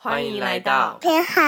歡迎來到。天好，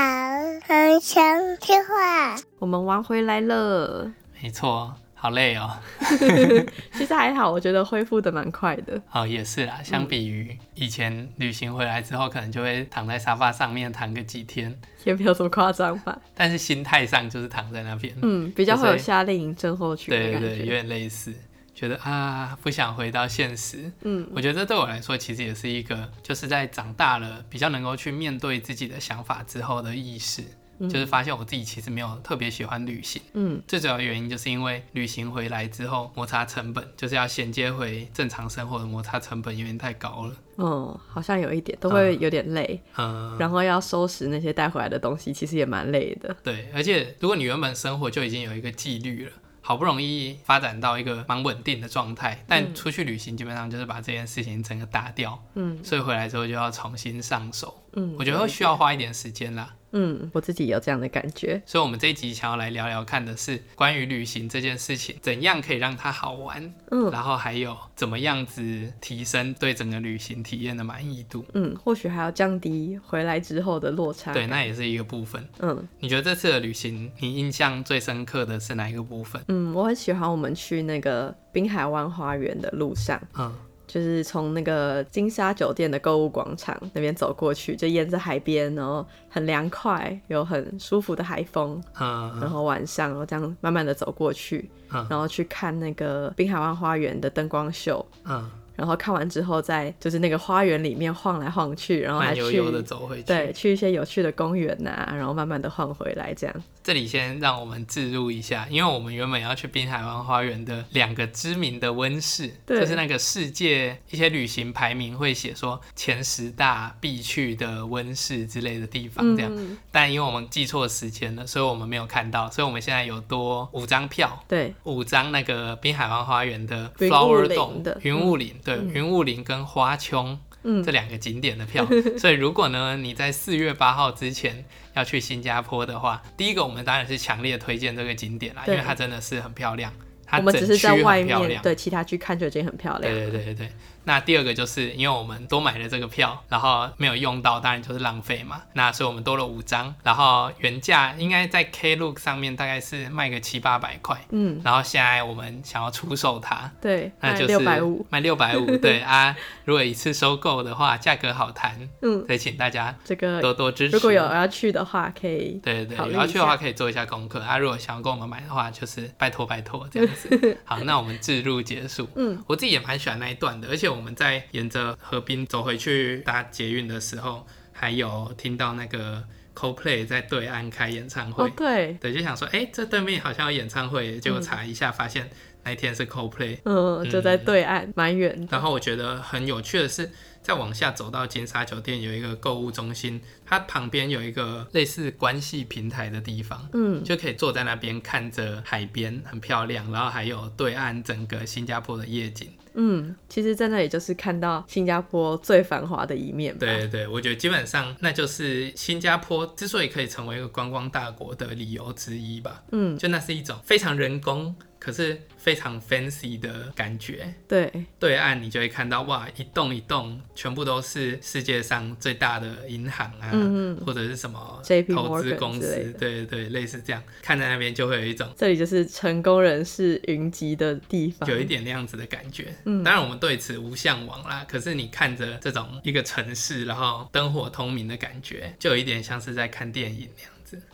很想聽話。我們玩回來了。沒錯，好累哦。 其實還好，我覺得恢復得蠻快的。好、哦、也是啦，相比於以前旅行回來之後，可能就會躺在沙發上面躺個幾天，也沒有什麼誇張吧。但是心態上就是躺在那邊，嗯，比較會有夏令營症候群。對對，有點類似。覺得啊，不想回到現實。嗯，我覺得這對我來說其實也是一個，就是在長大了比較能夠去面對自己的想法之後的意識，嗯，就是發現我自己其實沒有特別喜歡旅行。嗯，最主要的原因就是因為旅行回來之後摩擦成本，就是要銜接回正常生活的摩擦成本有點太高了。哦，好像有一點都會有點累。嗯，嗯，然後要收拾那些帶回來的東西，其實也蠻累的。對，而且如果你原本生活就已經有一個紀律了。好不容易發展到一個蠻穩定的狀態，但出去旅行基本上就是把這件事情整個打掉，嗯，所以回來之後就要重新上手，嗯，我覺得會需要花一點時間啦。嗯，我自己也有這樣的感覺，所以我們這一集想要來聊聊看的是關於旅行這件事情，怎樣可以讓它好玩？嗯，然後還有怎麼樣子提升對整個旅行體驗的滿意度？嗯，或許還要降低回來之後的落差。對，那也是一個部分。嗯，你覺得這次的旅行你印象最深刻的是哪一個部分？嗯，我很喜歡我們去那個濱海灣花園的路上。嗯。就是從那個金沙酒店的購物廣場那邊走過去，就沿着海邊，然後很涼快，有很舒服的海風，uh, uh. 然後晚上，然後這樣慢慢的走過去，uh. 然後去看那個濱海灣花園的燈光秀，uh. 然後看完之後，在，就是那個花園裡面晃來晃去，然後還去，慢悠悠的走回去對，去一些有趣的公園吶、啊，然後慢慢的晃回來這樣。這裡先讓我們置入一下，因為我們原本要去濱海灣花園的兩個知名的溫室，對，就是那個世界一些旅行排名會寫說前十大必去的溫室之類的地方這樣，嗯。但因為我們記錯時間了，所以我們沒有看到，所以我們現在有多五張票，對，五張那個濱海灣花園的 Flower Dome、雲霧林。嗯雲霧林跟花穹，嗯、這兩個景點的票，嗯、 所以如果呢你在四月八號之前要去新加坡的話，第一個我們當然是強烈推薦這個景點啦，因為它真的是很漂亮，它整區很漂亮，我們只是在外面，對其他區看就已經很漂亮。對對對、對。那第二個就是因為我們多買了這個票，然後沒有用到，當然就是浪費嘛。那所以我們多了五張，然後原價應該在 Klook 上面大概是賣個七八百塊，嗯，然後現在我們想要出售它，對，650，那就是賣六百五，賣六百五，對啊。如果一次收購的話，價格好談，嗯，所以請大家這個多多支持。如果有要去的話，可以對對對，有要去的話可以做一下功課。啊，如果想要跟我們買的話，就是拜托拜托這樣子。 好，那我們置入結束，嗯，我自己也蠻喜歡那一段的，而且。我們在沿着河濱走回去搭捷運的時候，還有聽到那個 Coldplay 在對岸開演唱會、哦，對，對，就想說，哎、欸，這對面好像有演唱會、嗯，結果查一下發現那一天是 Coldplay，嗯,嗯，就在對岸，蠻遠。然後我覺得很有趣的是，再往下走到金沙酒店有一個購物中心，它旁邊有一個類似關係平台的地方，嗯，就可以坐在那邊看着海邊，很漂亮，然後還有對岸整個新加坡的夜景。嗯，其實在那裡就是看到新加坡最繁華的一面。對對對，我覺得基本上那就是新加坡之所以可以成為一個觀光大國的理由之一吧。嗯，就那是一種非常人工。可是非常 fancy 的感覺，對，對岸你就會看到，哇，一棟一棟，全部都是世界上最大的銀行啊，嗯、或者是什麼投資公司，對對對，類似這樣，看在那邊就會有一種，這裡就是成功人士雲集的地方，有一點那樣子的感覺、嗯。當然我們對此無向往啦，可是你看着這種一個城市，然後燈火通明的感覺，就有一點像是在看電影那樣。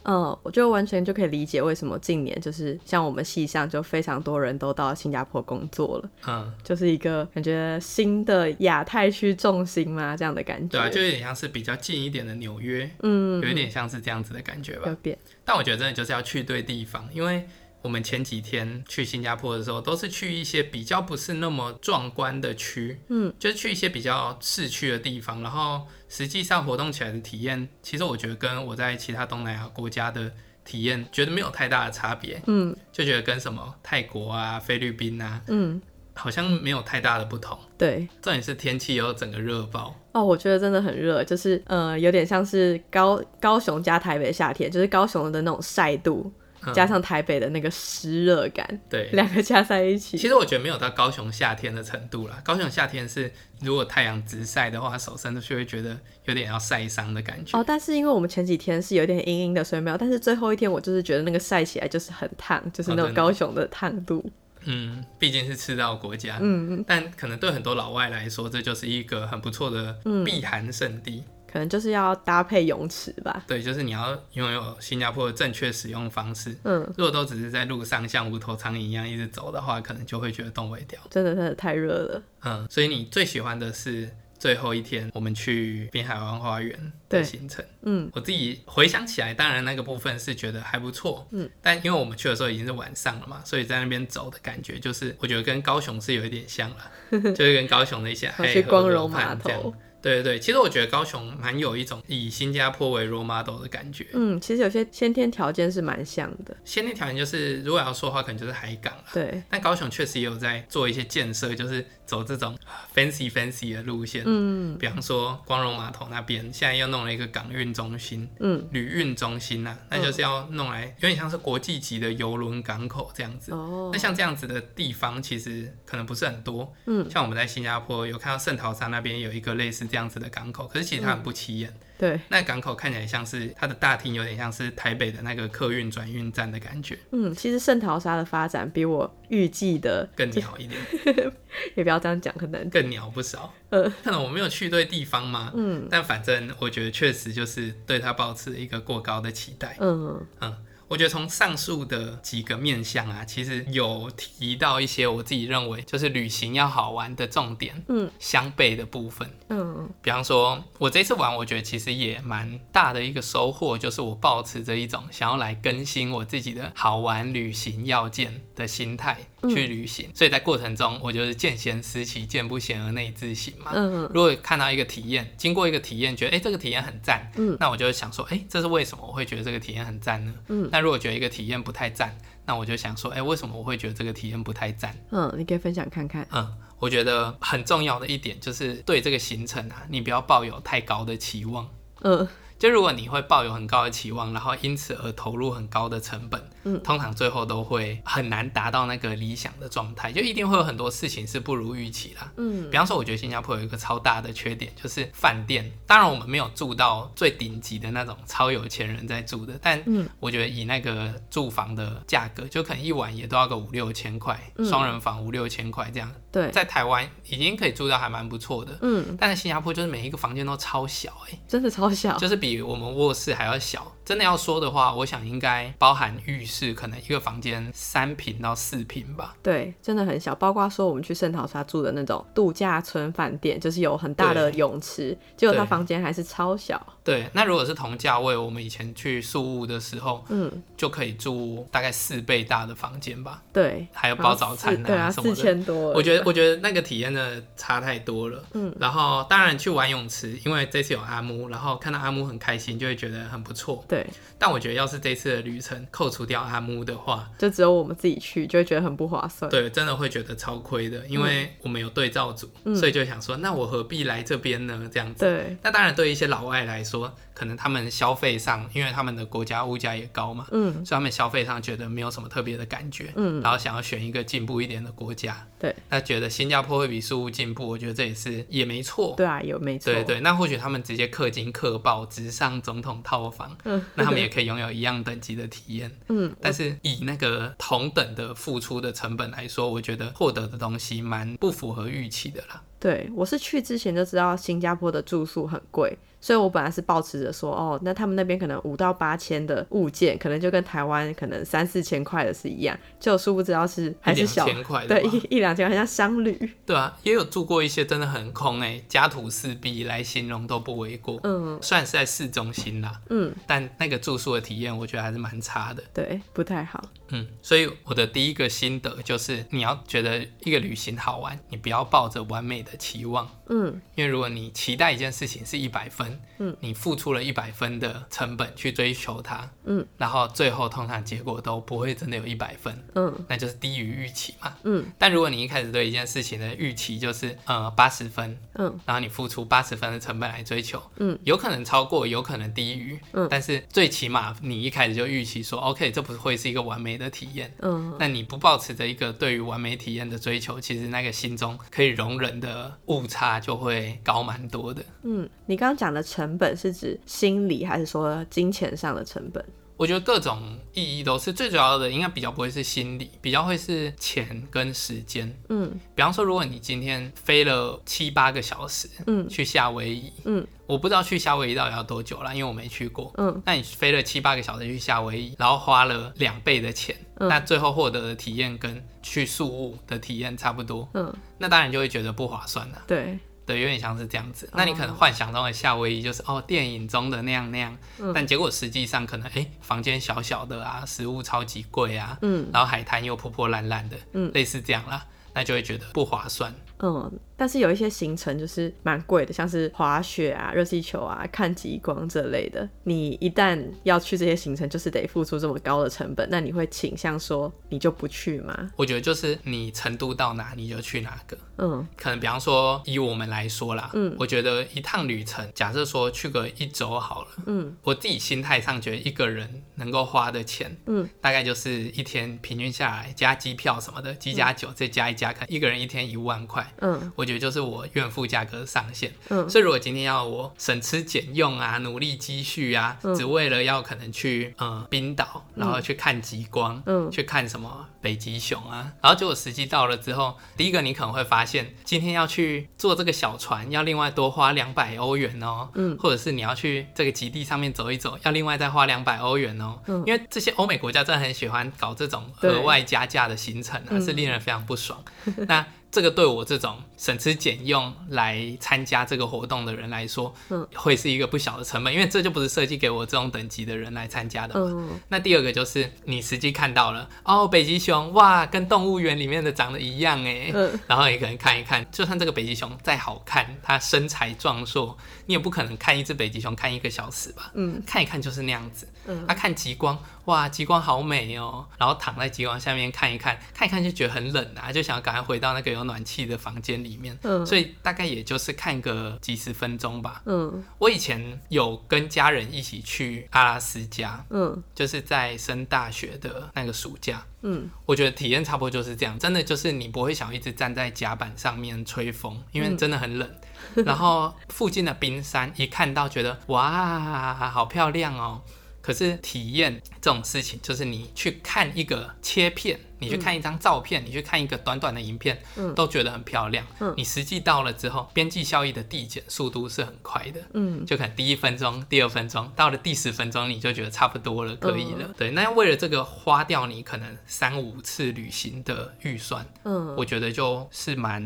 嗯，我就完全就可以理解為什麼近年就是像我們系上就非常多人都到新加坡工作了，嗯，就是一個感覺新的亞太區重心嘛，這樣的感覺。對啊，就有點像是比較近一點的紐約，嗯，有點像是這樣子的感覺吧，有點。但我覺得真的就是要去對地方，因為。我們前幾天去新加坡的時候，都是去一些比較不是那麼壯觀的區，嗯，就是去一些比較市區的地方，然後實際上活動起來的體驗，其實我覺得跟我在其他東南亞國家的體驗，覺得沒有太大的差別，嗯，就覺得跟什麼泰國啊、菲律賓啊，嗯，好像沒有太大的不同，對，重點是天氣有整個熱爆，哦，我覺得真的很熱，就是呃，有點像是高高雄加台北夏天，就是高雄的那種曬度。加上台北的那個濕熱感，嗯，對，兩個加在一起，其實我覺得沒有到高雄夏天的程度啦。高雄夏天是如果太陽直曬的話，手伸出去會覺得有點要曬傷的感覺。哦，但是因為我們前幾天是有點陰陰的，所以沒有。但是最後一天我就是覺得那個曬起來就是很燙，就是那種高雄的燙度。哦，真的。嗯，畢竟是赤道國家，嗯，但可能對很多老外來說，這就是一個很不錯的避寒聖地。嗯可能就是要搭配泳池吧。對，就是你要擁有新加坡的正確使用方式。嗯，如果都只是在路上像無頭蒼蠅一樣一直走的話，可能就會覺得凍未條，真的真的太熱了。嗯，所以你最喜歡的是最後一天我們去濱海灣花園的行程。嗯，我自己回想起來，當然那個部分是覺得還不錯。嗯，但因為我們去的時候已經是晚上了嘛，所以在那邊走的感覺就是我覺得跟高雄是有一點像了， 就是跟高雄那些還 去光榮碼頭。對對對，其實我覺得高雄蠻有一種以新加坡為 role model 的感覺。嗯，其實有些先天條件是蠻像的。先天條件就是，如果要說的話，可能就是海港。對，但高雄確實也有在做一些建設，就是。走這種 fancy fancy 的路線，嗯，比方說光榮碼頭那邊，現在又弄了一個港運中心，嗯，旅運中心吶，啊嗯，那就是要弄來有點像是國際級的郵輪港口這樣子。哦，那像這樣子的地方，其實可能不是很多。嗯，像我們在新加坡有看到聖淘沙那邊有一個類似這樣子的港口，可是其實它很不起眼。嗯。對，那港口看起來像是它的大廳，有點像是台北的那個客運轉運站的感覺。嗯，其實聖淘沙的發展比我預計的更鳥一點， 也不要這樣講，可能更鳥不少。呃、嗯，可我沒有去對地方嗎？嗯，但反正我覺得確實就是對它抱持一個過高的期待。嗯嗯。我覺得從上述的幾個面向啊，其實有提到一些我自己認為就是旅行要好玩的重點，嗯，相悖的部分，嗯，比方說我這次玩，我覺得其實也蠻大的一個收穫，就是我抱持着一種想要來更新我自己的好玩旅行要件的心態。去旅行，嗯，所以在過程中我就是見賢思齊，見不賢而內自省嘛。嗯，如果看到一個體驗，經過一個體驗，覺得誒、欸，這個體驗很讚，嗯，那我就想說，誒、欸，這是為什麼我會覺得這個體驗很讚呢？嗯，那如果覺得一個體驗不太讚，那我就想說，誒、欸，為什麼我會覺得這個體驗不太讚？嗯，你可以分享看看。嗯，我覺得很重要的一點就是對這個行程啊，你不要抱有太高的期望。嗯，就如果你會抱有很高的期望，然後因此而投入很高的成本。嗯、通常最後都會很難達到那個理想的狀態，就一定會有很多事情是不如預期啦。嗯，比方說，我覺得新加坡有一個超大的缺點，就是飯店。當然，我們沒有住到最頂級的那種超有錢人在住的，但嗯，我覺得以那個住房的價格，嗯，就可能一晚也都要個五六千塊，嗯、雙人房五六千塊這樣。對，在台灣已經可以住到還蠻不錯的，嗯，但是新加坡就是每一個房間都超小，欸，哎，真的超小，就是比我們臥室還要小。真的要說的話，我想應該包含浴室，可能一個房間三坪到四坪吧。對，真的很小。包括說我們去聖淘沙住的那種度假村飯店，就是有很大的泳池，結果他房間還是超小對。對，那如果是同價位，我們以前去宿務的時候，嗯，就可以住大概四倍大的房間吧、嗯。對，還有包早餐啊什麼的。四、啊、四千、啊、多，我覺得，我覺得那個體驗的差太多了。嗯，然後當然去玩泳池，因為這次有阿木，然後看到阿木很開心，就會覺得很不錯。對。對，但我覺得要是這次的旅程扣除掉阿木的話，就只有我們自己去，就會覺得很不划算。對，真的會覺得超虧的，因為我們有對照組，嗯、所以就想說，那我何必來這邊呢？這樣子。對，那當然對一些老外來說。可能他們消費上，因為他們的國家物價也高嘛，嗯，所以他們消費上覺得沒有什麼特別的感覺，嗯，然後想要選一個進步一點的國家，對，那覺得新加坡會比蘇富進步，我覺得這也是也沒錯，對啊，有沒錯，對，對對，那或許他們直接氪金氪爆直上總統套房，嗯，那他們也可以擁有一樣等級的體驗，嗯，但是以那個同等的付出的成本來說，我覺得獲得的東西蠻不符合預期的啦。對，我是去之前就知道新加坡的住宿很貴。所以，我本來是抱持着說，哦，那他們那邊可能五到八千的物件，可能就跟台灣可能三四千塊的是一樣，就殊不知道是還是小千塊，對，一一兩千塊像商旅，對啊，也有住過一些真的很空哎、欸，家徒四壁來形容都不為過，嗯，算是在市中心啦，嗯，但那個住宿的體驗，我覺得還是蠻差的，對，不太好。嗯，所以我的第一個心得就是，你要覺得一個旅行好玩，你不要抱着完美的期望。嗯，因為如果你期待一件事情是一百分，嗯，你付出了一百分的成本去追求它，嗯，然後最後通常結果都不會真的有一百分，嗯，那就是低於預期嘛。嗯，但如果你一開始對一件事情的預期就是呃八十分，嗯，然後你付出八十分的成本來追求，嗯，有可能超過，有可能低於，嗯，但是最起碼你一開始就預期說，OK，這不會是一個完美的。的體驗，嗯，那你不抱持着一個對於完美體驗的追求，其實那個心中可以容忍的誤差就會高蠻多的。嗯，你剛剛講的成本是指心理還是說金錢上的成本？我覺得各種意義都是最主要的，應該比較不會是心理，比較會是錢跟時間。嗯，比方說，如果你今天飛了七八個小時，嗯，去夏威夷，嗯，我不知道去夏威夷到底要多久啦，因為我沒去過。嗯，那你飛了七八個小時去夏威夷，然後花了兩倍的錢，嗯，那最後獲得的體驗跟去宿霧的體驗差不多，嗯，那當然你就會覺得不划算了啊。對。對，有點像是這樣子。那你可能幻想中的夏威夷就是哦，哦，電影中的那樣那樣，嗯，但結果實際上可能哎，欸，房間小小的啊，食物超級貴啊，嗯，然後海灘又破破爛爛的，嗯，類似這樣啦，那就會覺得不划算，嗯。嗯。但是有一些行程就是蠻貴的，像是滑雪啊、熱氣球啊、看極光這類的。你一旦要去這些行程，就是得付出這麼高的成本。那你會傾向說，你就不去嗎？我覺得就是你程度到哪，你就去哪個。嗯，可能比方說以我們來說啦，嗯，我覺得一趟旅程，假設說去個一周好了，嗯，我自己心態上覺得一個人能夠花的錢，嗯，大概就是一天平均下來加機票什麼的，機加酒、嗯、再加一加，看一個人一天一萬塊，嗯，我。覺得就是我願負價格上限，嗯，所以如果今天要我省吃儉用啊，努力積蓄啊，嗯、只為了要可能去呃、嗯、冰島，然後去看極光嗯，嗯，去看什麼北極熊啊，然後結果實際到了之後，第一個你可能會發現，今天要去坐這個小船，要另外多花兩百歐元哦、喔，嗯，或者是你要去這個極地上面走一走，要另外再花兩百歐元哦、喔嗯，因為這些歐美國家真的很喜歡搞這種額外加價的行程，啊，是令人非常不爽，嗯、那。這個對我這種省吃儉用來參加這個活動的人來說，嗯，會是一個不小的成本，因為這就不是設計給我這種等級的人來參加的嘛，嗯。那第二個就是你實際看到了哦，北極熊哇，跟動物園裡面的長得一樣哎，嗯，然後也可能看一看，就算這個北極熊再好看，它身材壯碩，你也不可能看一隻北極熊看一個小時吧，嗯，看一看就是那樣子。他、啊、看極光，哇，極光好美哦！然後躺在極光下面看一看看一看，就覺得很冷啊，就想要趕快回到那個有暖氣的房間裡面。嗯，所以大概也就是看個幾十分鐘吧。嗯，我以前有跟家人一起去阿拉斯加，嗯，就是在升大學的那個暑假。嗯，我覺得體驗差不多就是這樣，真的就是你不會想一直站在甲板上面吹風，因為真的很冷。嗯、 然後附近的冰山一看到，覺得哇，好漂亮哦！可是體驗這種事情，就是你去看一個切片，你去看一張照片，嗯，你去看一個短短的影片，嗯，都覺得很漂亮，嗯，你實際到了之後，邊際效益的遞減速度是很快的，嗯，就可能第一分鐘、第二分鐘，到了第十分鐘，你就覺得差不多了，可以了，嗯，對。那為了這個花掉你可能三五次旅行的預算，嗯，我覺得就是蠻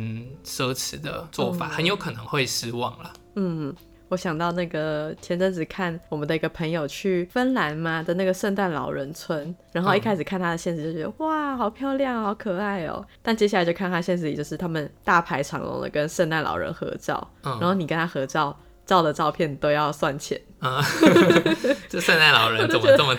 奢侈的做法，嗯，很有可能會失望了，嗯。我想到那個前陣子看我們的一個朋友去芬蘭嘛的那個聖誕老人村，然後一開始看他的限時就覺得、嗯、哇，好漂亮，好可愛哦。但接下來就看他限時裡就是他們大排長龍的跟聖誕老人合照，嗯，然後你跟他合照照的照片都要算錢。啊，這聖誕老人怎麼這麼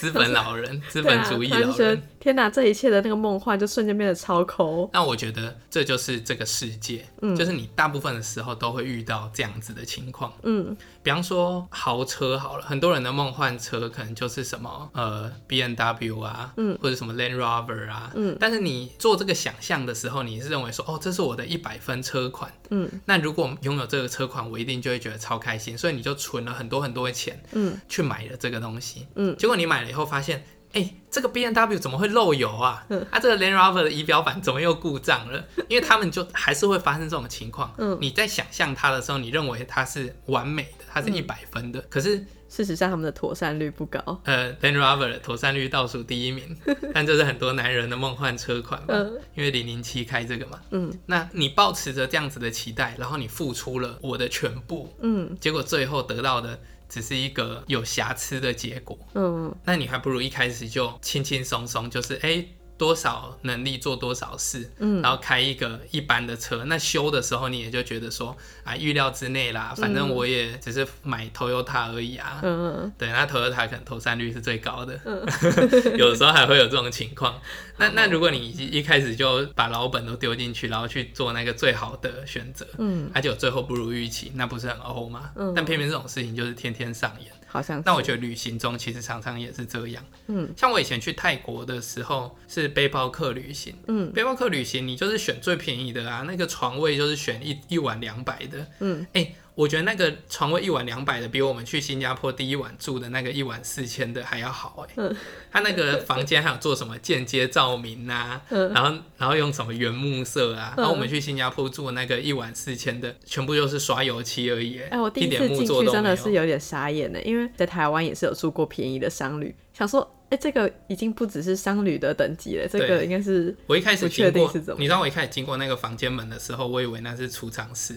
資本老人，資本主義老人？我覺得天哪，這一切的那個夢幻就瞬間變得超摳。那我覺得這就是這個世界，嗯，就是你大部分的時候都會遇到這樣子的情況，嗯，比方說豪車好了，很多人的夢幻車可能就是什麼呃 B M W 啊，嗯，或者什麼 Land Rover 啊，嗯，但是你做這個想象的時候，你是認為說哦，這是我的一百分車款，嗯，那如果我們擁有這個車款，我一定就會覺得超開心，所以你就存了很多。有很多錢，嗯，去買了這個東西，嗯，結果你買了以後發現，哎、欸，這個 B M W 怎麼會漏油啊？嗯，啊，這個 Land Rover 的儀表板怎麼又故障了？因為他們就還是會發生這種情況。嗯，你在想象它的時候，你認為它是完美的，它是一百分的，嗯、可是。事實上，他們的妥善率不高。呃、uh，Ben Rover 妥善率倒數第一名，但這是很多男人的夢幻車款嘛。嗯， 因為零零七開這個嘛。嗯，那你抱持着這樣子的期待，然後你付出了我的全部，嗯，結果最後得到的只是一個有瑕疵的結果。嗯，那你還不如一開始就輕輕鬆鬆，就是哎。欸多少能力做多少事，嗯，然後開一個一般的車，那修的時候你也就覺得說啊，預料之內啦，反正我也只是買 Toyota 而已啊，嗯、對，那 Toyota 可能妥善率是最高的，嗯、 有的時候還會有這種情況。嗯、 那那如果你一,一開始就把老本都丟進去，然後去做那個最好的選擇，嗯，而且最後不如預期，那不是很嘔、oh、嗎？嗯，但偏偏這種事情就是天天上演。好像，那我覺得旅行中其實常常也是這樣，嗯，像我以前去泰國的時候是背包客旅行，嗯，背包客旅行你就是選最便宜的啊，那個床位就是選一一晚兩百的，嗯，哎、欸。我覺得那個床位一晚兩百的，比我們去新加坡第一晚住的那個一晚四千的還要好欸。嗯、他那個房間還有做什麼間接照明啊？嗯、然後然後用什麼原木色啊？嗯、然後我們去新加坡住的那個一晚四千的，全部就是刷油漆而已，欸。哎，我第一次進去真的是有點傻眼的，因為在台灣也是有住過便宜的商旅，想說。哎、欸，這個已經不只是商旅的等級了，這個應該是,是我一開始確定是怎麼？你知道我一開始經過那個房間門的時候，我以為那是儲藏室，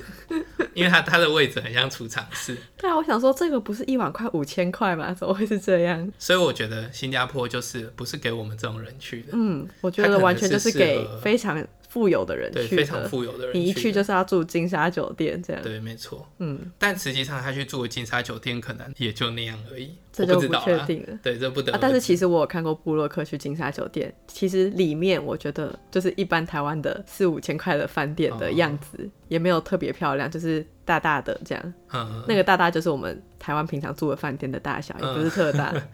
因為它它的位置很像儲藏室。 藏室 對啊，我想說這個不是一晚快五千塊嗎？怎麼會是這樣？所以我覺得新加坡就是不是給我們這種人去的。嗯，我覺得完全就是給非常。富有的人去，去，非常富有的人，你一去就是要住金沙酒店這樣，對，沒錯，嗯，但實際上他去住金沙酒店，可能也就那樣而已，這就不確、啊、定了，對，這不得、啊。但是其實我有看過部落客去金沙酒店，其實裡面我覺得就是一般台灣的四五千塊的飯店的樣子，嗯、也沒有特別漂亮，就是大大的這樣，嗯、那個大大就是我們台灣平常住的飯店的大小、嗯，也不是特大。嗯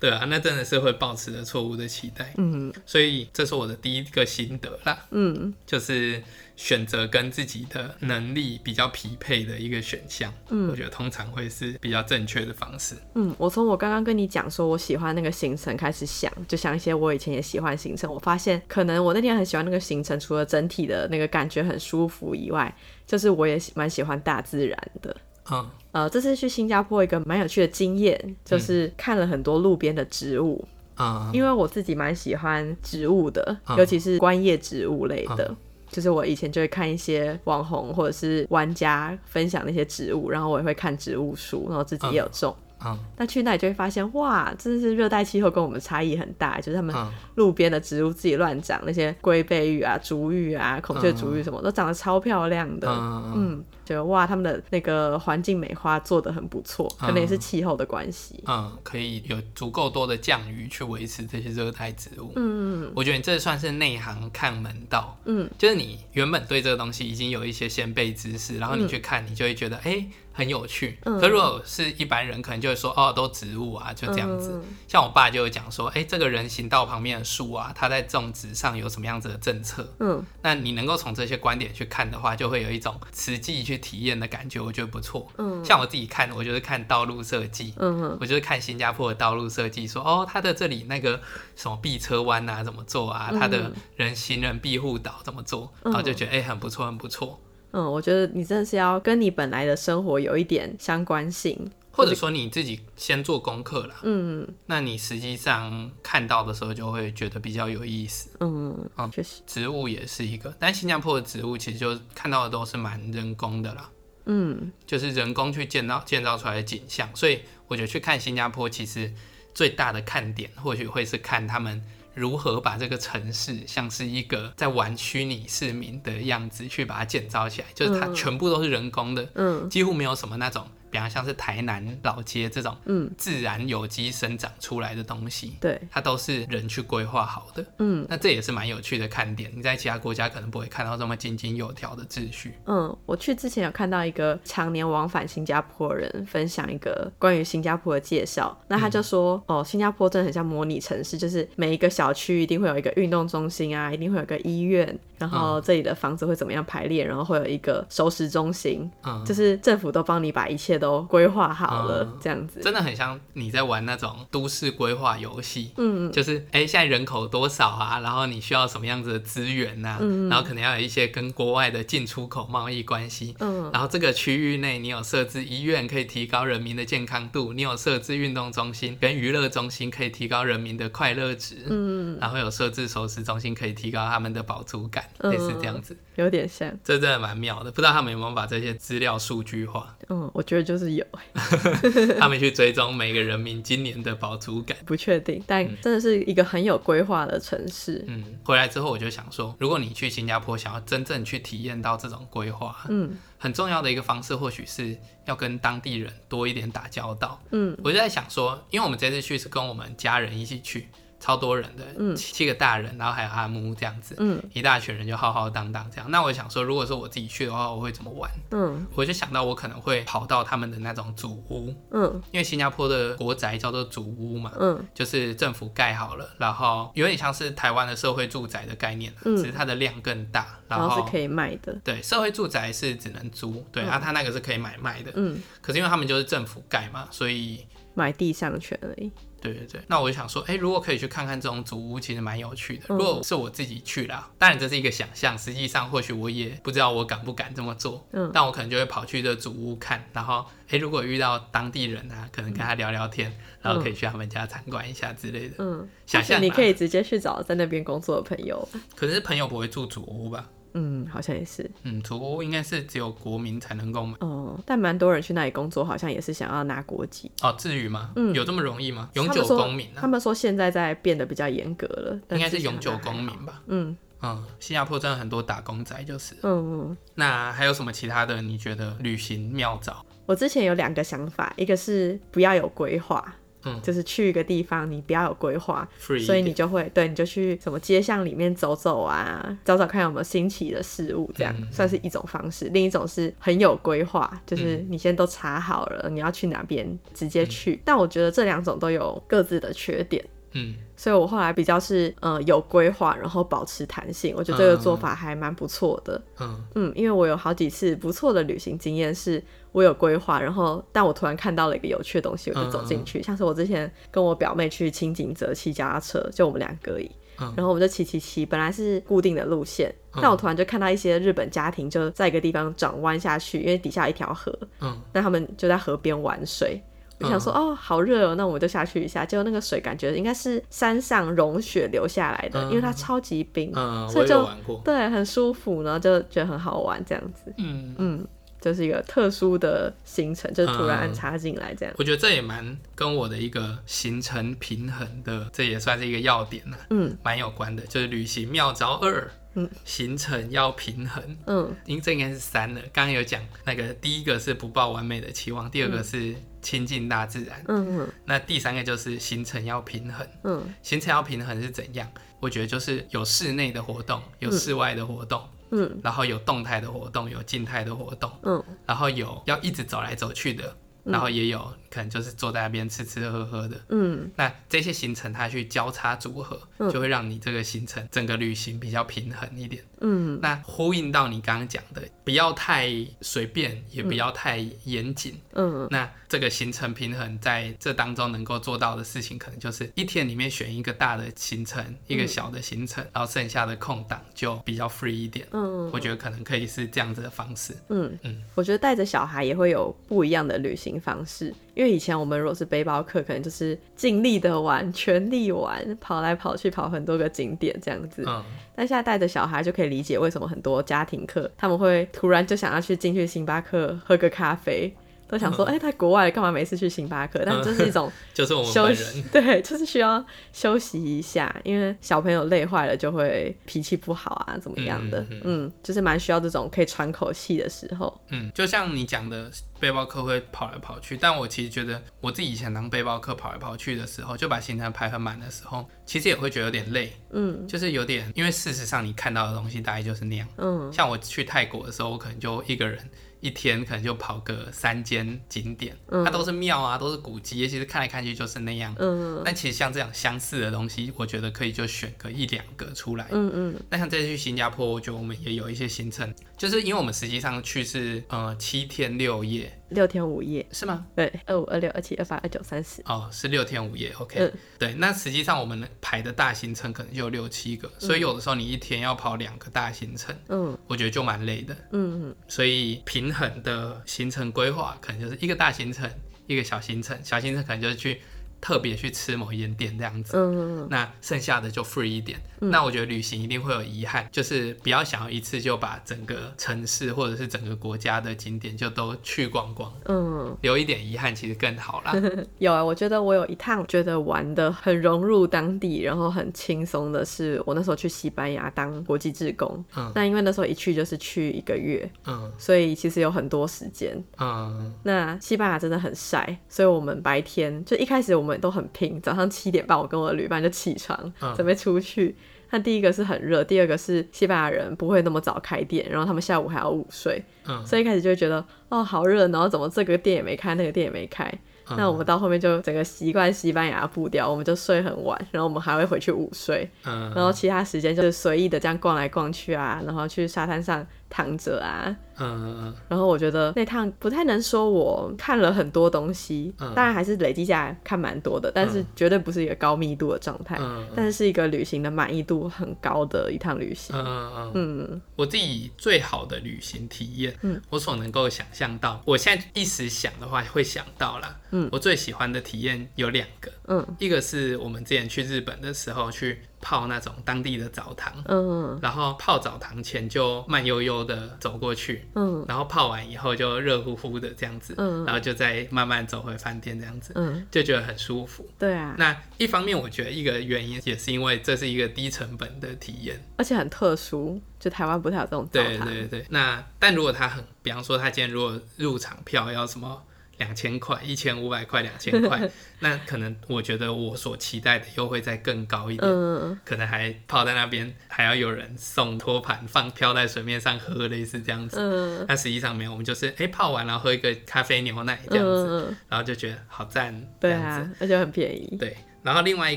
對啊，那真的是會抱持著錯誤的期待，嗯，所以這是我的第一個心得啦，嗯，就是選擇跟自己的能力比較匹配的一個選項，嗯，我覺得通常會是比較正確的方式，嗯，我從我剛剛跟你講說我喜歡那個行程開始想，就想一些我以前也喜歡行程，我發現可能我那天很喜歡那個行程，除了整體的那個感覺很舒服以外，就是我也蠻喜歡大自然的，嗯。呃，這次去新加坡一個蠻有趣的經驗，就是看了很多路邊的植物，嗯、因為我自己蠻喜歡植物的，嗯、尤其是觀葉植物類的，嗯。就是我以前就會看一些網紅或者是玩家分享那些植物，然後我也會看植物書，然後自己也有種那、嗯嗯、去那裡就會發現，哇，真的是熱帶氣候跟我們的差異很大，就是他們路邊的植物自己亂長，那些龜背芋啊、竹芋啊、孔雀竹芋什麼，嗯，都長得超漂亮的。嗯。嗯覺得哇，他們的那個環境美化做得很不錯，可能也是氣候的關係、嗯。嗯，可以有足夠多的降雨去維持這些熱帶植物。嗯嗯。我覺得這算是內行看門道。嗯，就是你原本對這個東西已經有一些先備知識，然後你去看，你就會覺得哎、嗯欸，很有趣。嗯。可如果是一般人，可能就會說哦，都植物啊，就這樣子。嗯、像我爸就會講說，哎、欸，這個人行道旁邊的樹啊，他在這種植上有什麼樣子的政策？嗯。那你能夠從這些觀點去看的話，就會有一種實際去。體驗的感覺，我覺得不錯。嗯，像我自己看，我就是看道路設計。嗯，我就是看新加坡的道路設計，說哦，它的這裡那個什麼避車灣啊，怎麼做啊、嗯？它的人行人庇護島怎麼做？然後就覺得哎、嗯欸，很不錯，很不錯。嗯，我覺得你真的是要跟你本來的生活有一點相關性。或者說你自己先做功課了，嗯，那你實際上看到的時候就會覺得比較有意思，嗯嗯，確實，啊，植物也是一個，但新加坡的植物其實就看到的都是蠻人工的啦，嗯，就是人工去建造建造出來的景象，所以我覺得去看新加坡其實最大的看點或許會是看他們如何把這個城市像是一個在玩虛擬市民的樣子去把它建造起來，就是它全部都是人工的，嗯，幾乎沒有什麼那種。比方像是台南老街這種，嗯，自然有機生長出來的東西，嗯、對，它都是人去規劃好的，嗯，那這也是蠻有趣的看點。你在其他國家可能不會看到這麼井井有條的秩序。嗯，我去之前有看到一個常年往返新加坡的人分享一個關於新加坡的介紹，那他就說、嗯，哦，新加坡真的很像模擬城市，就是每一個小區一定會有一個運動中心啊，一定會有一個醫院，然後這裡的房子會怎麼樣排列，嗯、然後會有一個熟食中心，啊、嗯，就是政府都幫你把一切。都規劃好了，這樣子、嗯、真的很像你在玩那種都市規劃遊戲。嗯，就是哎、欸，現在人口多少啊？然後你需要什麼樣子的資源呢、啊嗯？然後可能要有一些跟國外的進出口貿易關係。嗯，然後這個區域內你有設置醫院，可以提高人民的健康度；你有設置運動中心跟娛樂中心，可以提高人民的快樂值。嗯，然後有設置熟食中心，可以提高他們的飽足感、嗯。類似這樣子，有點像，這真的蠻妙的。不知道他們有沒有把這些資料數據化？嗯，我覺得。就是有， 他們去追蹤每個人民今年的飽足感，不確定，但真的是一個很有規劃的城市。嗯，回來之後我就想說，如果你去新加坡想要真正去體驗到這種規劃，嗯，很重要的一個方式或許是要跟當地人多一點打交道。嗯，我就在想說，因為我們這次去是跟我們家人一起去。超多人的，嗯，七個大人，然後還有阿姆這樣子，嗯，一大群人就浩浩蕩蕩這樣。那我想說，如果說我自己去的話，我會怎麼玩？嗯，我就想到我可能會跑到他們的那種祖屋，嗯，因為新加坡的國宅叫做祖屋嘛，嗯，就是政府蓋好了，然後有點像是台灣的社會住宅的概念，嗯，其實它的量更大，然後，然後是可以賣的。對，社會住宅是只能租，對，嗯、啊，它那個是可以買賣的，嗯，可是因為他們就是政府蓋嘛，所以。買地上權而已。對對對，那我就想說，哎、欸，如果可以去看看這種組屋，其實蠻有趣的。如果是我自己去啦、嗯，當然這是一個想象，實際上或許我也不知道我敢不敢這麼做。嗯，但我可能就會跑去這組屋看，然後，哎、欸，如果遇到當地人啊，可能跟他聊聊天，嗯、然後可以去他們家參觀一下之類的。嗯，想象你可以直接去找在那邊工作的朋友，可是朋友不會住組屋吧。嗯，好像也是。嗯，組屋應該是只有國民才能夠買哦，但蠻多人去那裡工作，好像也是想要拿國籍哦。至於嗎？嗯，有這麼容易嗎？永久公民啊。他們說現在在變得比較嚴格了。應該是永久公民吧。嗯嗯，新加坡真的很多打工仔就是。嗯嗯，那還有什麼其他的？你覺得旅行妙招？我之前有兩個想法，一個是不要有規劃。嗯，就是去一個地方你，你比較有規劃，所以你就會、嗯、對，你就去什麼街巷裡面走走啊，找找看有沒有新奇的事物，這樣、嗯、算是一種方式。另一種是很有規劃，就是你先都查好了，你要去哪邊直接去、嗯。但我覺得這兩種都有各自的缺點。嗯，所以我後來比較是呃有規劃，然後保持彈性，我覺得這個做法還蠻不錯的。嗯，嗯，因為我有好幾次不錯的旅行經驗，是我有規劃，然後但我突然看到了一個有趣的東西，我就走進去。嗯，像是我之前跟我表妹去輕井澤騎腳踏車，就我們兩個而已，嗯，然後我們就騎騎騎，本來是固定的路線，但我突然就看到一些日本家庭就在一個地方轉彎下去，因為底下一條河，嗯，那他們就在河邊玩水。我想說、嗯、哦，好熱哦，那我們就下去一下。結果那個水感覺應該是山上融雪流下來的、嗯，因為它超級冰，嗯、所以就玩過，對，很舒服，然後就覺得很好玩這樣子。嗯嗯，就是一個特殊的行程，就是突然插進來這樣子、嗯。我覺得這也蠻跟我的一個行程平衡的，這也算是一個要點了。嗯，蠻有關的，就是旅行妙招二，嗯，行程要平衡。嗯，因為這應該是三了，剛剛有講那個第一個是不抱完美的期望，第二個是。親近大自然。嗯，嗯，那第三個就是行程要平衡。嗯，行程要平衡是怎樣？我覺得就是有室內的活動，有室外的活動。嗯，然後有動態的活動，有靜態的活動。嗯，然後有要一直走來走去的，然後也有。可能就是坐在那邊吃吃喝喝的，嗯，那這些行程它去交叉組合，嗯，就會讓你這個行程整個旅行比較平衡一點，嗯，那呼應到你剛剛講的，不要太隨便，也不要太嚴謹，嗯，那這個行程平衡在這當中能夠做到的事情，可能就是一天裡面選一個大的行程，嗯，一個小的行程，然後剩下的空檔就比較 free 一點，嗯，嗯，我覺得可能可以是這樣子的方式，嗯嗯，我覺得帶着小孩也會有不一樣的旅行方式。因為以前我們如果是背包客，可能就是盡力的玩，全力玩，跑來跑去，跑很多個景點這樣子。嗯。但現在帶着小孩，就可以理解為什麼很多家庭客他們會突然就想要去進去星巴克喝個咖啡。都想說，哎、欸，在國外幹嘛？每次去星巴克，但就是一種呵呵、就是、我們人休息，對，就是需要休息一下，因為小朋友累壞了就會脾氣不好啊，怎麼樣的，嗯，嗯嗯就是蠻需要這種可以喘口氣的時候。嗯，就像你講的，背包客會跑來跑去，但我其實覺得，我自己以前當背包客跑來跑去的時候，就把行程排很滿的時候，其實也會覺得有點累，嗯，就是有點，因為事實上你看到的東西大概就是那樣，嗯，像我去泰國的時候，我可能就一個人。一天可能就跑個三間景點，嗯，它都是廟啊，都是古蹟，其實看來看去就是那樣。嗯，但其實像這樣相似的東西，我覺得可以就選個一兩個出來。嗯嗯。那像這次去新加坡，我覺得我們也有一些行程，就是因為我們實際上去是呃七天六夜。六天五夜是嗎？對，二五二六二七二八二九三十。哦，是六天五夜。OK，嗯，對。那實際上我們排的大行程可能就有六七個，嗯，所以有的時候你一天要跑兩個大行程。嗯，我覺得就蠻累的。嗯嗯。所以平衡的行程規劃，可能就是一個大行程，一個小行程，小行程可能就是去特別去吃某一點點這樣子，嗯嗯嗯。那剩下的就 free 一點。嗯，那我覺得旅行一定會有遺憾，就是不要想要一次就把整個城市或者是整個國家的景點就都去逛逛，嗯，留一點遺憾其實更好啦。 有啊，我覺得我有一趟覺得玩得很融入當地，然後很輕鬆的是我那時候去西班牙當國際志工，嗯，那因為那時候一去就是去一個月，嗯，所以其實有很多時間，嗯，那西班牙真的很曬，所以我們白天就一開始我們都很拼，早上七點半我跟我的旅伴就起床，嗯，準備出去。那第一個是很熱，第二個是西班牙人不會那麼早開店，然後他們下午還要午睡、嗯，所以一開始就會覺得哦好熱，然後怎麼這個店也沒開，那個店也沒開。嗯、那我們到後面就整個習慣西班牙步調，我們就睡很晚，然後我們還會回去午睡、嗯，然後其他時間就是隨意的這樣逛來逛去啊，然後去沙灘上。躺着啊，嗯嗯嗯，然後我覺得那趟不太能說，我看了很多東西、嗯，當然還是累積下來看蠻多的，但是絕對不是一個高密度的狀態，嗯、但是是一個旅行的滿意度很高的一趟旅行。嗯嗯，我自己最好的旅行體驗，嗯，我所能夠想象到，我現在一時想的話會想到啦。嗯，我最喜歡的體驗有兩個，嗯，一個是我們之前去日本的時候去。泡那種當地的澡堂，嗯，然後泡澡堂前就慢悠悠的走過去，嗯，然後泡完以後就熱乎乎的這樣子，嗯，然後就再慢慢走回飯店這樣子，嗯，就覺得很舒服，對啊。那一方面我覺得一個原因也是因為這是一個低成本的體驗，而且很特殊，就台灣不太有這種澡堂，對對對。那但如果他很，比方說他今天如果入場票要什麼？兩千塊，一千五百塊，兩千塊， 那可能我覺得我所期待的又會再更高一點，嗯、可能還泡在那邊，還要有人送托盤放飄在水面上喝類似這樣子。嗯、那實際上沒有，我們就是哎、欸、泡完了喝一個咖啡牛奶這樣子，嗯、然後就覺得好讚這樣子，對啊，而且很便宜，對。然後另外一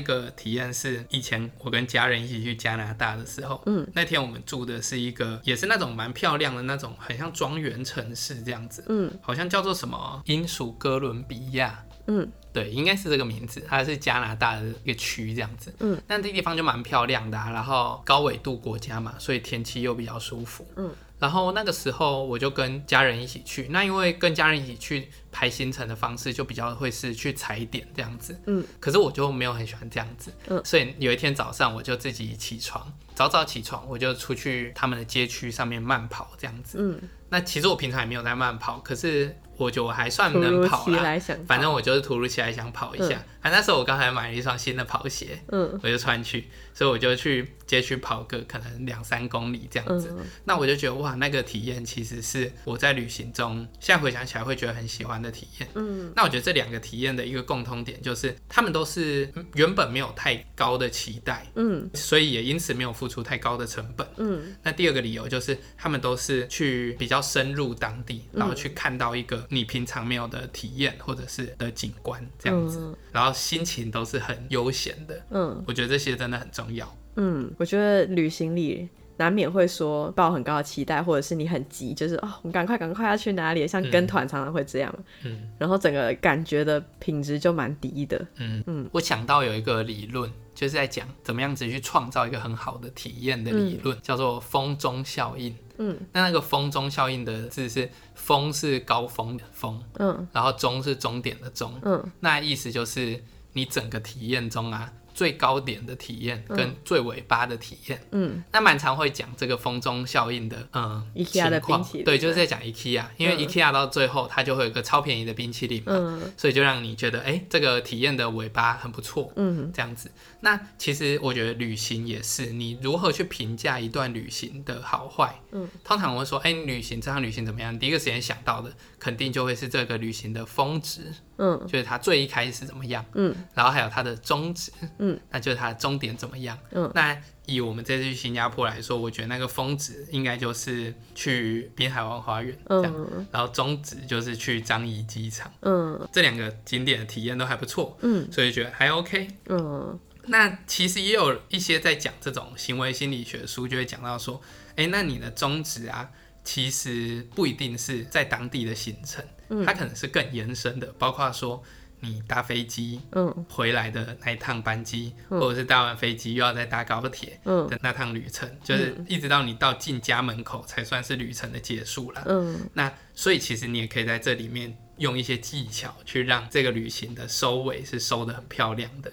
個體驗是，以前我跟家人一起去加拿大的時候，嗯，那天我們住的是一個，也是那種蠻漂亮的那種，很像莊園城市這樣子，嗯，好像叫做什麼英屬哥倫比亞，嗯，對，應該是這個名字，它是加拿大的一個區這樣子，嗯，但這地方就蠻漂亮的啊，然後高緯度國家嘛，所以天氣又比較舒服，嗯。然後那個時候我就跟家人一起去，那因為跟家人一起去排行程的方式就比較會是去踩點這樣子，嗯，可是我就沒有很喜歡這樣子，嗯，所以有一天早上我就自己起床，早早起床我就出去他們的街區上面慢跑這樣子，嗯，那其實我平常也沒有在慢跑，可是我就還算能跑啦跑，反正我就是突如其來想跑一下，嗯，啊，那時候我剛才買了一雙新的跑鞋，嗯，我就穿去。所以我就去街區跑個可能兩三公里這樣子，Uh-huh. 那我就覺得哇，那個體驗其實是我在旅行中現在回想起來會覺得很喜歡的體驗。嗯、Uh-huh.，那我覺得這兩個體驗的一個共通點就是，他們都是原本沒有太高的期待，嗯、Uh-huh.，所以也因此沒有付出太高的成本。嗯、Uh-huh.，那第二個理由就是，他們都是去比較深入當地，然後去看到一個你平常沒有的體驗或者是的景觀這樣子，Uh-huh. 然後心情都是很悠閒的。嗯、Uh-huh.，我覺得這些真的很重要。要，嗯，我覺得旅行裡難免會說抱很高的期待，或者是你很急，就是啊、哦，我們趕快趕快要去哪裡，像跟團常常會這樣，嗯，然後整個感覺的品質就蠻低的，嗯嗯。我想到有一個理論，就是在講怎麼樣子去創造一個很好的體驗的理論，嗯、叫做“峰終效應”，嗯，那那個“峰終效應”的字是“峰”是高峰的“峰”，嗯，然後“終”是終點的“終”，嗯，那意思就是你整個體驗中啊。最高點的體驗跟最尾巴的體驗，嗯，那蠻常會講這個峰終效應的，嗯，情況，對，就是在講 IKEA，、嗯、因為 IKEA 到最後它就會有一個超便宜的冰淇淋嘛，嗯、所以就讓你覺得，哎、欸，這個體驗的尾巴很不錯，嗯，這樣子。那其實我覺得旅行也是，你如何去評價一段旅行的好壞，嗯，通常我會說，哎、欸，旅行這趟旅行怎麼樣？第一個時間想到的肯定就會是這個旅行的峰值，嗯，就是它最一開始怎麼樣，嗯，然後還有它的終值，嗯。那就是它的終點怎麼樣，嗯？那以我們這次去新加坡來說，我覺得那個峰值應該就是去濱海灣花園，嗯，然後終值就是去樟宜機場，嗯，這兩個景點的體驗都還不錯，嗯，所以覺得還 OK，嗯，嗯。那其實也有一些在講這種行為心理學的書，就會講到說，哎、欸，那你的終值啊，其實不一定是在當地的行程，嗯、它可能是更延伸的，包括說。你搭飛機回來的那一趟班機，嗯，或者是搭完飛機又要再搭高鐵的那趟旅程，嗯，就是一直到你到進家門口才算是旅程的結束了，嗯。那所以其實你也可以在這裡面用一些技巧去讓這個旅行的收尾是收得很漂亮的。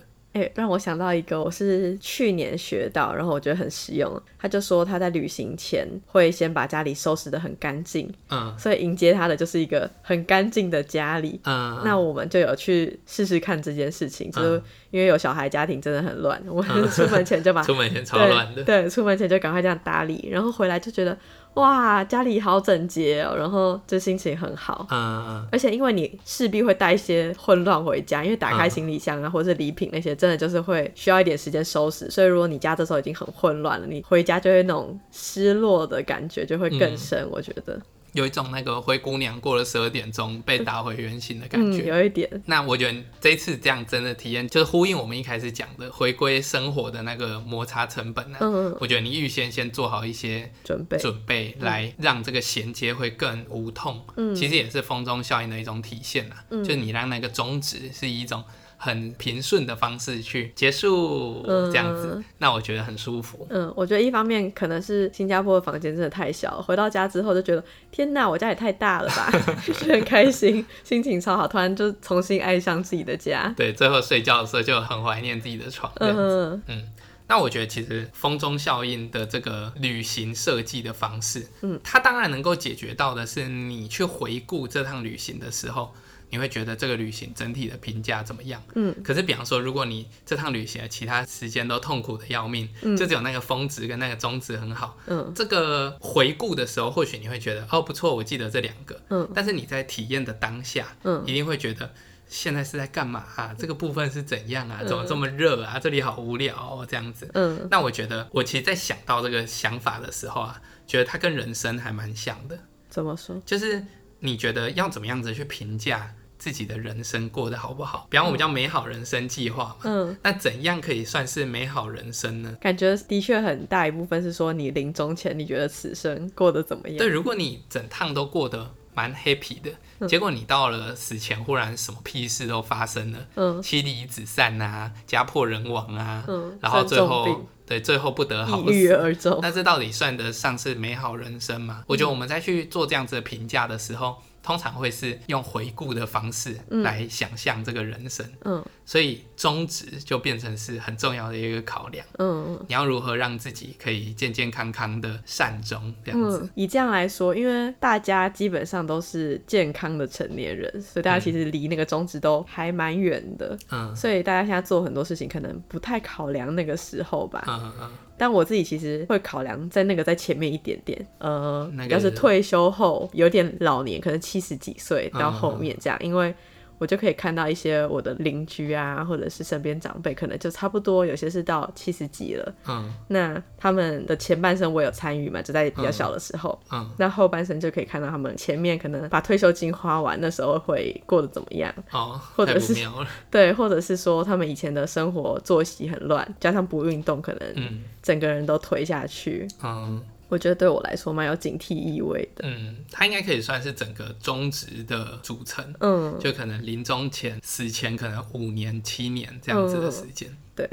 讓我想到一個，我是去年學到，然後我覺得很實用。他就說他在旅行前會先把家裡收拾得很乾淨，嗯、所以迎接他的就是一個很乾淨的家裡。嗯、那我們就有去試試看這件事情、嗯，就是因為有小孩家庭真的很亂，我出門前就把、嗯、 出門前超亂的。對，對，出門前就趕快這樣打理，然後回來就覺得。哇，家裡好整潔，哦，然後就心情很好。嗯、uh... 而且因為你勢必會帶一些混亂回家，因為打開行李箱啊，uh... 或者是禮品那些，真的就是會需要一點時間收拾。所以如果你家這時候已經很混亂了，你回家就會那種失落的感覺就會更深，嗯、我覺得。有一種那個灰姑娘過了十二點鐘被打回原形的感覺，嗯，有一點。那我覺得這次這樣真的體驗，就是呼應我們一開始講的回歸生活的那個摩擦成本啊。嗯、我覺得你預先先做好一些準備，準備來讓這個銜接會更無痛。嗯。其實也是峰終效應的一種體現啦。嗯。就你讓那個終止是一種。很平順的方式去結束，這樣子、嗯，那我覺得很舒服。嗯，我覺得一方面可能是新加坡的房間真的太小，回到家之後就覺得天吶，我家也太大了吧，就 很開心，心情超好，突然就重新愛上自己的家。對，最後睡覺的時候就很懷念自己的床。嗯嗯嗯。那我覺得其實峰終效應的這個旅行設計的方式，嗯，它當然能夠解決到的是你去回顧這趟旅行的時候。你會覺得這個旅行整體的評價怎麼樣？嗯，可是比方說，如果你這趟旅行其他時間都痛苦的要命、嗯，就只有那個峰值跟那個終值很好，嗯，這個回顧的時候，或許你會覺得哦不錯，我記得這兩個，嗯，但是你在體驗的當下，嗯，一定會覺得現在是在幹嘛啊？嗯、這個部分是怎樣啊、嗯？怎麼這麼熱啊？這裡好無聊、哦、這樣子，嗯，那我覺得我其實在想到這個想法的時候啊，覺得它跟人生還蠻像的。怎麼說？就是你覺得要怎麼樣子去評價？自己的人生過得好不好？比方我們叫美好人生計劃嘛，嗯。嗯。那怎樣可以算是美好人生呢？感覺的確很大一部分是說，你臨終前你覺得此生過得怎麼樣？對，如果你整趟都過得蠻 happy 的，嗯，結果你到了死前忽然什麼屁事都發生了，嗯，妻離子散啊，家破人亡啊，嗯，然後最後對，最後不得好死。抑鬱而終。那這到底算得上是美好人生嗎？我覺得我們在去做這樣子的評價的時候，嗯通常會是用回顧的方式來想象、嗯、這個人生，嗯，所以終止就變成是很重要的一個考量，嗯，你要如何讓自己可以健健康康的善終這樣子、嗯。以這樣來說，因為大家基本上都是健康的成年人，所以大家其實離那個終止都還蠻遠的，嗯，所以大家現在做很多事情可能不太考量那個時候吧，嗯嗯。但我自己其實會考量，在那個在前面一點點，呃，要、那個，是退休後有點老年，可能七十幾歲到後面這樣，嗯嗯嗯，因為。我就可以看到一些我的鄰居啊，或者是身邊長輩，可能就差不多，有些是到七十幾了。嗯，那他們的前半生我有參與嘛，就在比較小的時候。嗯，嗯那後半生就可以看到他們前面可能把退休金花完，那時候會過得怎麼樣？好、哦，或者是太無聊了。對，或者是說他們以前的生活作息很亂，加上不運動，可能整個人都頹下去。嗯。嗯我覺得對我來說蠻有警惕意味的。嗯，他應該可以算是整個中職的組成。嗯，就可能臨終前、死前可能五年、七年這樣子的時間、嗯。對。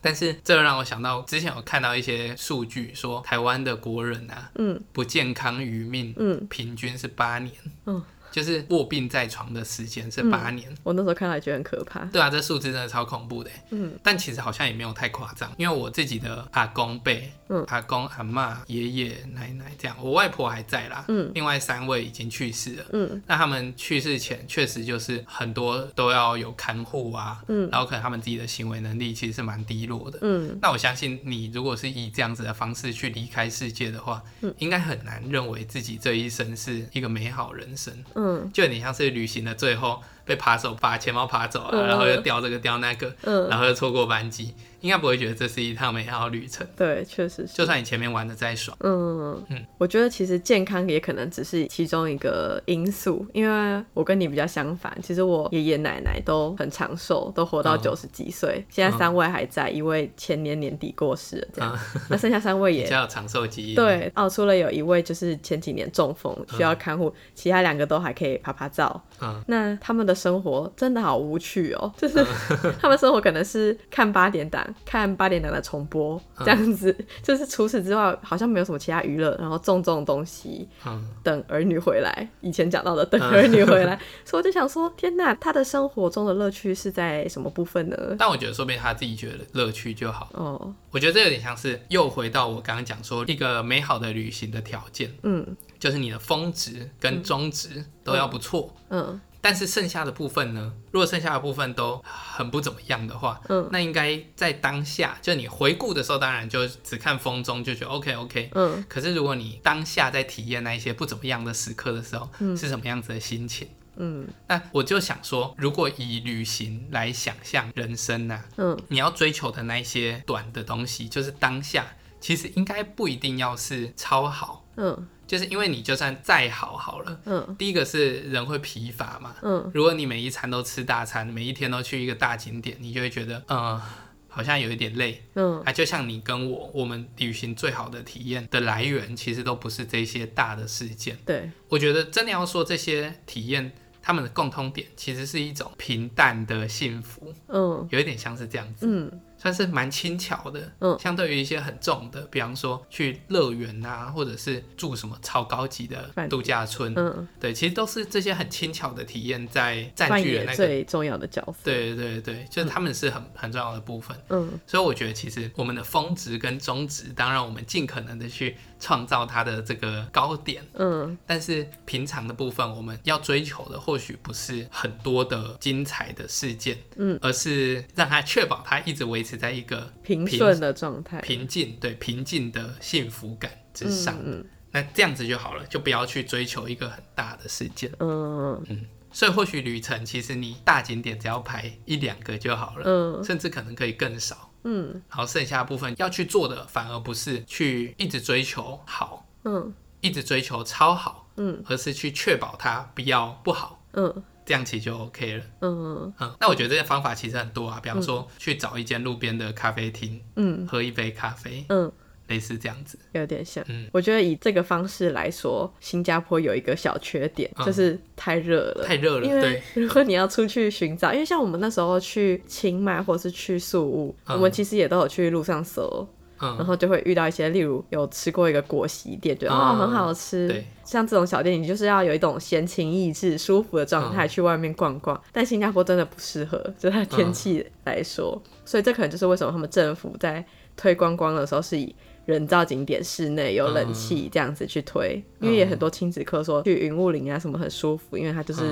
但是這讓我想到之前有看到一些數據，說台灣的國人啊，嗯，不健康餘命，嗯，平均是八年。嗯。就是臥病在床的時間是八年、嗯。我那時候看來覺得很可怕。對啊，這數字真的超恐怖的。嗯。但其實好像也沒有太誇張，因為我自己的阿公輩。嗯、阿公阿媽爺爺奶奶這樣，我外婆還在啦，嗯、另外三位已經去世了，那、嗯、他們去世前確實就是很多都要有看護啊、嗯，然後可能他們自己的行為能力其實是蠻低落的、嗯，那我相信你如果是以這樣子的方式去離開世界的話，嗯、應該很難認為自己這一生是一個美好人生，嗯，就你像是旅行的最後被扒手把錢包扒走了、嗯，然後又掉這個掉那個、嗯，然後又錯過班機。應該不會覺得這是一趟美好旅程。對，確實是。就算你前面玩的再爽，嗯嗯，我覺得其實健康也可能只是其中一個因素。因為我跟你比較相反，其實我爺爺奶奶都很長壽，都活到九十幾歲、嗯。現在三位還在、嗯，一位前年年底過世了這樣、嗯。那剩下三位也比較有長壽基因。對哦，除了有一位就是前幾年中風、嗯、需要看護，其他兩個都還可以啪啪照、嗯。那他們的生活真的好無趣哦，就是、嗯、他們生活可能是看八點檔。看八點檔的重播，嗯，這樣子，就是除此之外，好像沒有什麼其他娛樂，然後種種東西，嗯，等兒女回來。以前講到的等兒女回來，嗯、 所以我就想說，天吶，他的生活中的樂趣是在什麼部分呢？但我覺得，說不定他自己覺得樂趣就好。哦，我覺得這有點像是又回到我剛剛講說一個美好的旅行的條件，嗯，就是你的峰值跟終值都要不錯，嗯。嗯嗯但是剩下的部分呢？如果剩下的部分都很不怎麼樣的話，嗯，那應該在當下，就你回顧的時候，當然就只看峰終，就覺得 OK OK，嗯。可是如果你當下在體驗那一些不怎麼樣的時刻的時候，是什麼樣子的心情？嗯，嗯，那我就想說，如果以旅行來想象人生呢，啊，嗯，你要追求的那些短的東西，就是當下，其實應該不一定要是超好，嗯。就是因為你就算再好好了，嗯，第一個是人會疲乏嘛，嗯，如果你每一餐都吃大餐，每一天都去一個大景點，你就會覺得，嗯，好像有一點累，嗯，啊，就像你跟我，我們旅行最好的體驗的來源，其實都不是這些大的事件，對，我覺得真的要說這些體驗，他們的共通點，其實是一種平淡的幸福，嗯，有一點像是這樣子，嗯。算是蠻輕巧的，嗯，相對於一些很重的，比方說去樂園啊，或者是住什麼超高級的度假村，嗯，對，其實都是這些很輕巧的體驗在占據了那個最重要的角色，對對對對，就是他們是很、嗯、很重要的部分，嗯，所以我覺得其實我們的峰值跟終值，當然我們盡可能的去。創造它的這個高點，嗯，但是平常的部分，我們要追求的或許不是很多的精彩的事件，嗯，而是讓它確保它一直維持在一個平順的狀態，平靜，對，平靜的幸福感之上，嗯，那這樣子就好了，就不要去追求一個很大的事件，嗯嗯，所以或許旅程其實你大景點只要排一兩個就好了，嗯，甚至可能可以更少。嗯，然後剩下的部分要去做的，反而不是去一直追求好，嗯，一直追求超好，嗯，而是去確保它不要不好，嗯，這樣其實就 OK 了，嗯嗯，嗯，那我覺得這些方法其實很多啊，比方說去找一間路邊的咖啡廳，嗯，喝一杯咖啡，嗯。嗯類似這樣子，有點像。嗯，我覺得以這個方式來說，新加坡有一個小缺點，嗯、就是太熱了，太熱了。對，因為如果你要出去尋找，因為像我們那時候去清邁或者是去宿霧、嗯，我們其實也都有去路上搜、嗯，然後就會遇到一些，例如有吃過一個果昔店，覺得、嗯、哦很好吃。像這種小店，你就是要有一種閒情逸致、舒服的狀態、嗯、去外面逛逛。但新加坡真的不適合，就它的天氣來說、嗯，所以這可能就是為什麼他們政府在推觀光的時候是以，人造景點室內有冷氣，這樣子去推，嗯、因為也很多親子客說去雲霧林啊什麼很舒服，嗯、因為它就是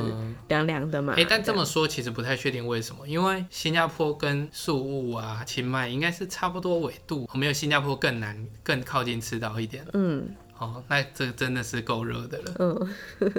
涼涼的嘛。哎、欸，但這麼說其實不太確定為什麼，因為新加坡跟宿霧啊、清邁應該是差不多緯度，沒有新加坡更南更靠近赤道一點。嗯，哦，那這個真的是夠熱的了。嗯，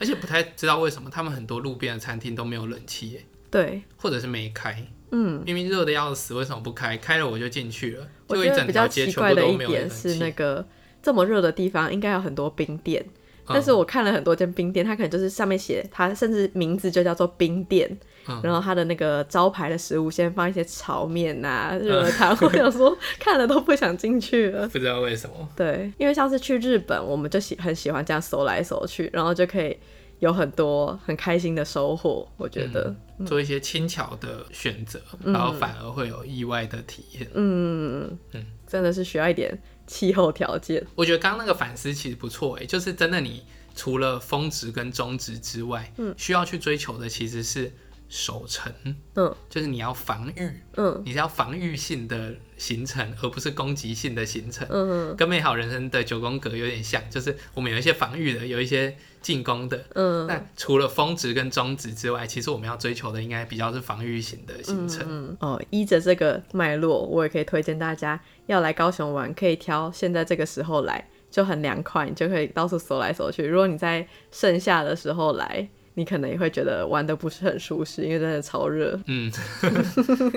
而且不太知道為什麼他們很多路邊的餐廳都沒有冷氣，哎，對，或者是沒開。嗯，明明熱的要死，為什麼不開？開了我就進去了。我覺得比較奇怪的一點是，那個這麼熱的地方應該有很多冰店、嗯，但是我看了很多間冰店，它可能就是上面寫它，甚至名字就叫做冰店、嗯，然後它的那個招牌的食物先放一些炒麵啊、熱、嗯、湯。我想說，看了都不想進去了。不知道為什麼。對，因為上次去日本，我們就喜很喜歡這樣搜來搜去，然後就可以有很多很開心的收穫。我覺得。嗯做一些輕巧的選擇，然後反而會有意外的體驗。嗯嗯嗯嗯，真的是需要一點氣候條件。我覺得剛剛那個反思其實不錯哎、欸，就是真的，你除了峰值跟中值之外，嗯，需要去追求的其實是守城。嗯，就是你要防禦，嗯，你是要防禦性的行程，而不是攻擊性的行程。嗯嗯，跟美好人生的九宮格有點像，就是我們有一些防禦的，有一些。進攻的，嗯，但除了峰值跟終值之外，其實我們要追求的應該比較是防禦型的行程。嗯。嗯哦，依着這個脈絡，我也可以推薦大家要來高雄玩，可以挑現在這個時候來就很涼快，你就可以到處搜來搜去。如果你在盛夏的時候來，你可能也會覺得玩的不是很舒適，因為真的超熱。嗯，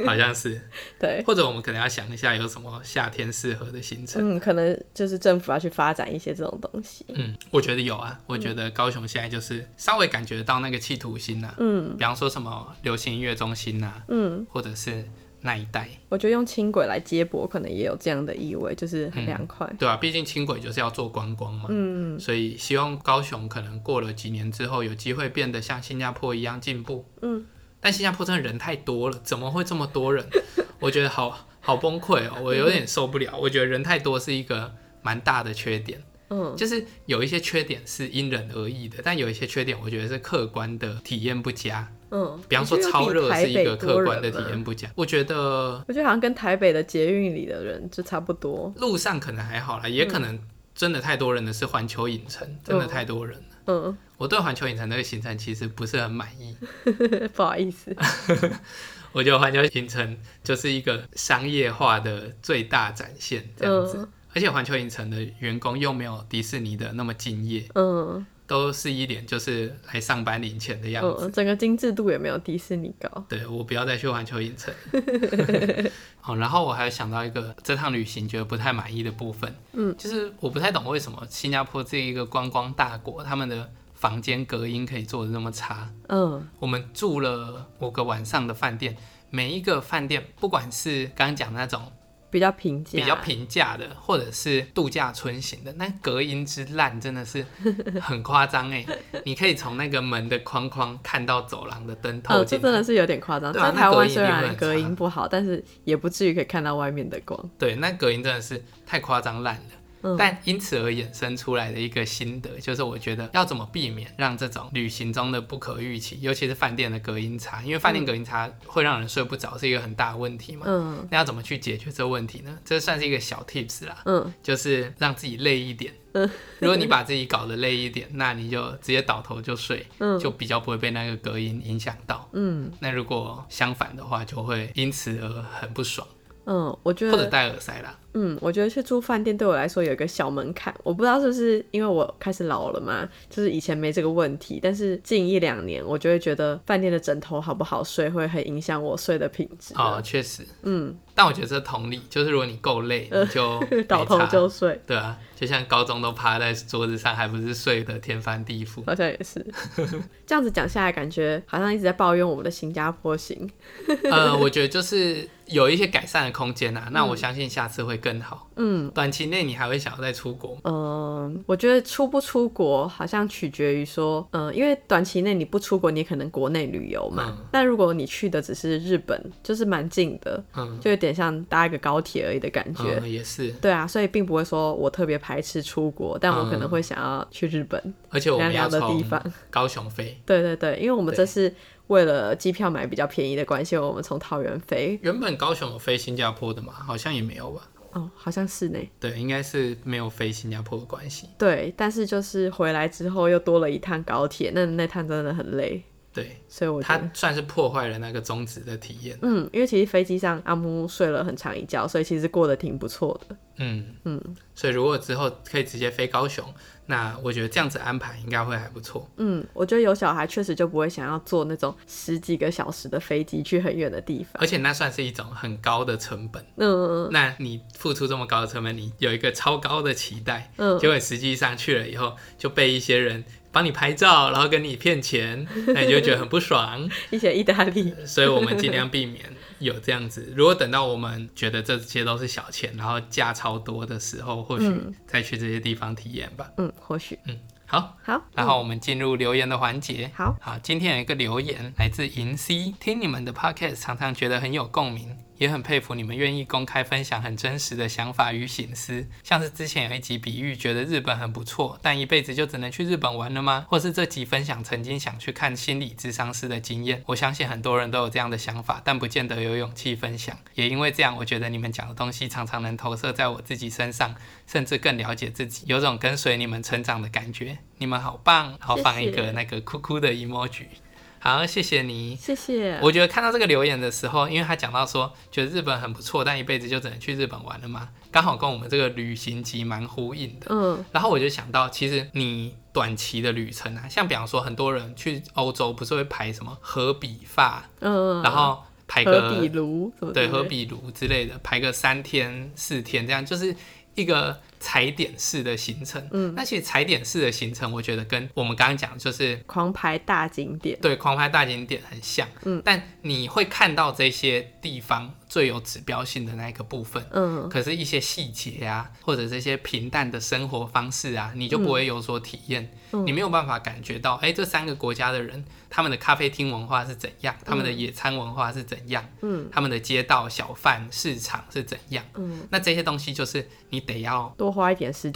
好像是。 對。或者我們可能要想一下，有什麼夏天適合的行程？嗯，可能就是政府要去發展一些這種東西。嗯，我覺得有啊。我覺得高雄現在就是稍微感覺到那個企圖心吶、啊。嗯。比方說什麼流行音樂中心吶、啊。嗯。或者是。那一帶，我覺得用輕軌來接駁，可能也有這樣的意味，就是很涼快，嗯，對啊，畢竟輕軌就是要做觀光嘛，嗯，所以希望高雄可能過了幾年之後，有機會變得像新加坡一樣進步，嗯。但新加坡真的人太多了，怎麼會這麼多人？ 我覺得好好崩潰哦，我有點受不了，嗯。我覺得人太多是一個蠻大的缺點，嗯，就是有一些缺點是因人而異的，但有一些缺點，我覺得是客觀的，體驗不佳。嗯，比方說超熱是一個客觀的體驗不假，我覺得我覺得好像跟台北的捷運裡的人就差不多，路上可能還好啦，也可能真的太多人了。是環球影城、嗯、真的太多人了，嗯，嗯我對環球影城那個行程其實不是很滿意呵呵，不好意思， 我覺得環球影城就是一個商業化的最大展現這樣子，嗯、而且環球影城的員工又沒有迪士尼的那麼敬業，嗯。都是一點就是來上班領錢的樣子，哦、整個精緻度也沒有迪士尼高。對，我不要再去環球影城。 好，然後我還有想到一個這趟旅行覺得不太滿意的部分，嗯，就是我不太懂為什麼新加坡這一個觀光大國，他們的房間隔音可以做得那麼差。嗯，我們住了五個晚上的飯店，每一個飯店不管是剛講那種。比較平價、啊、比較平價的，或者是度假村型的，那隔音之爛真的是很誇張哎！ 你可以從那個門的框框看到走廊的燈透。哦、 嗯，這真的是有點誇張。雖然、啊、台灣雖然隔音，隔音不好，但是也不至於可以看到外面的光。對，那隔音真的是太誇張爛了。嗯、但因此而衍生出來的一個心得，就是我覺得要怎麼避免讓這種旅行中的不可預期，尤其是飯店的隔音差，因為飯店隔音差會讓人睡不着，是一個很大的問題嘛。嗯，那要怎麼去解決這個問題呢？這算是一個小 tips 啦。嗯，就是讓自己累一點。嗯、如果你把自己搞得累一點，嗯、那你就直接倒頭就睡，嗯，就比較不會被那個隔音影響到。嗯，那如果相反的話，就會因此而很不爽。嗯，我覺得或者戴耳塞啦。嗯，我覺得去住飯店對我來說有一個小門檻，我不知道是不是因為我開始老了嘛，就是以前沒這個問題，但是近一兩年我就會覺得飯店的枕頭好不好睡會很影響我睡的品質。哦，確實。嗯，但我覺得這同理，就是如果你夠累，你就、呃、倒頭就睡。對啊，就像高中都趴在桌子上，還不是睡得天翻地覆？好像也是。 這樣子講下來，感覺好像一直在抱怨我們的新加坡行。呃，我覺得就是。 有一些改善的空間吶、啊，那我相信下次會更好。嗯，嗯，短期內你還會想要再出國嗎？嗯，我覺得出不出國好像取決於說，嗯，因為短期內你不出國，你可能國內旅遊嘛、嗯。但如果你去的只是日本，就是蠻近的，嗯，就有點像搭一個高鐵而已的感覺、嗯。也是。對啊，所以並不會說我特別排斥出國，但我可能會想要去日本，嗯、而且我們聊的地方。高雄飛。 對，對對對，因為我們這是。為了機票買比較便宜的關係，我們從桃園飛。原本高雄有飛新加坡的嘛，好像也沒有吧。哦，好像是呢。對，應該是沒有飛新加坡的關係。對，但是就是回來之後又多了一趟高鐵，那那趟真的很累。對，所以我覺得他算是破壞了那個終止的體驗。嗯，因為其實飛機上阿木睡了很長一覺，所以其實過得挺不錯的。嗯嗯，所以如果之後可以直接飛高雄，那我覺得這樣子安排應該會還不錯。嗯，我覺得有小孩確實就不會想要坐那種十幾個小時的飛機去很遠的地方，而且那算是一種很高的成本。嗯，那你付出這麼高的成本，你有一個超高的期待，嗯，結果實際上去了以後就被一些人。幫你拍照，然後跟你騙錢，那你就會覺得很不爽。一 些意大利，呃，所以我們盡量避免有這樣子。如果等到我們覺得這些都是小錢，然後假鈔多的時候，或許再去這些地方體驗吧。嗯，或許。嗯，好，好。然後我們進入留言的環節。嗯、好，好。今天有一個留言來自銀 C，聽你們的 podcast 常常覺得很有共鳴。也很佩服你們願意公開分享很真實的想法與心思，像是之前有一集比喻覺得日本很不錯，但一輩子就只能去日本玩了嗎？或是這集分享曾經想去看心理諮商師的經驗，我相信很多人都有這樣的想法，但不見得有勇氣分享。也因為這樣，我覺得你們講的東西常常能投射在我自己身上，甚至更了解自己，有種跟隨你們成長的感覺。你們好棒！好放一個那個酷酷的 emoji。好，謝謝你，謝謝。我覺得看到這個留言的時候，因為他講到說，覺得日本很不錯，但一輩子就只能去日本玩了嘛，剛好跟我們這個旅行集蠻呼應的。嗯，然後我就想到，其實你短期的旅程啊，像比方說，很多人去歐洲不是會排什麼荷比法，嗯，然後排個荷比盧，對，荷比盧之類的，排個三天四天這樣，就是一個。踩點式的行程，嗯，那其實踩點式的行程，我覺得跟我們剛剛講就是狂拍大景點，對，狂拍大景點很像，嗯，但你會看到這些地方最有指標性的那個部分，嗯，可是一些細節啊，或者這些平淡的生活方式啊，你就不會有所體驗，嗯，你沒有辦法感覺到，哎，欸，這三個國家的人他們的咖啡廳文化是怎樣？嗯，他們的野餐文化是怎樣？嗯，他們的街道小販市場是怎樣？嗯，那這些東西就是你得要多。多花一點時間，